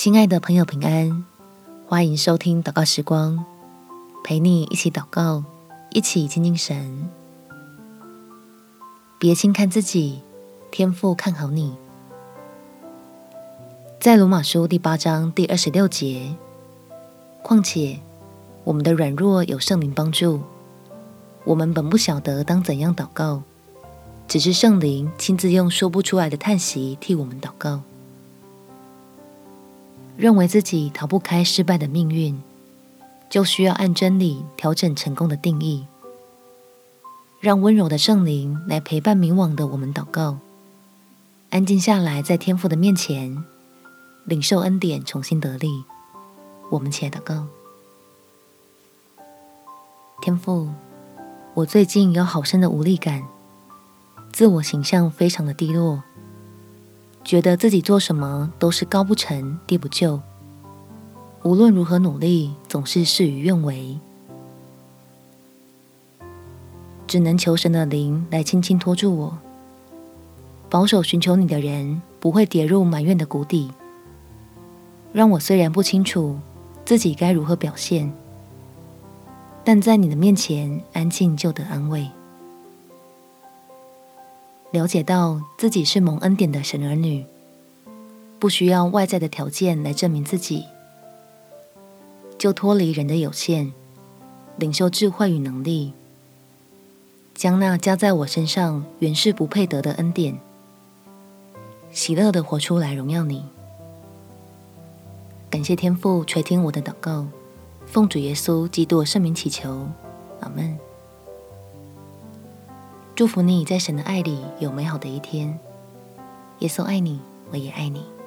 親愛的朋友，平安！歡迎收聽禱告時光，陪你一起禱告，一起親近神。別輕看自己，天父看好你。在羅馬書第八章第二十六節，況且我們的軟弱有聖靈幫助，我們本不曉得當怎樣禱告，只是聖靈親自用說不出來的嘆息替我們禱告。認為自己逃不開失敗的命運，就需要按真理調整成功的定義。讓溫柔的聖靈來陪伴迷惘的我們禱告，安靜下來，在天父的面前領受恩典，重新得力。我們且禱告，天父，我最近有好深的無力感，自我形象非常的低落。覺得自己做什麼都是高不成低不就，無論如何努力總是事與願違，只能求神的靈來輕輕托住我，保守尋求你的人不會跌入埋怨的谷底，讓我雖然不清楚自己該如何表現，但在你的面前安靜就得安慰。了解到自己是蒙恩典的神兒女，不需要外在的條件來證明自己，就脫離人的有限，領受智慧與能力，將那加在我身上原是不配得的恩典，喜樂的活出來榮耀你。感謝天父垂聽我的禱告，奉主耶穌基督聖名祈求，阿門。祝福你在神的愛裡有美好的一天。耶穌愛你，我也愛你。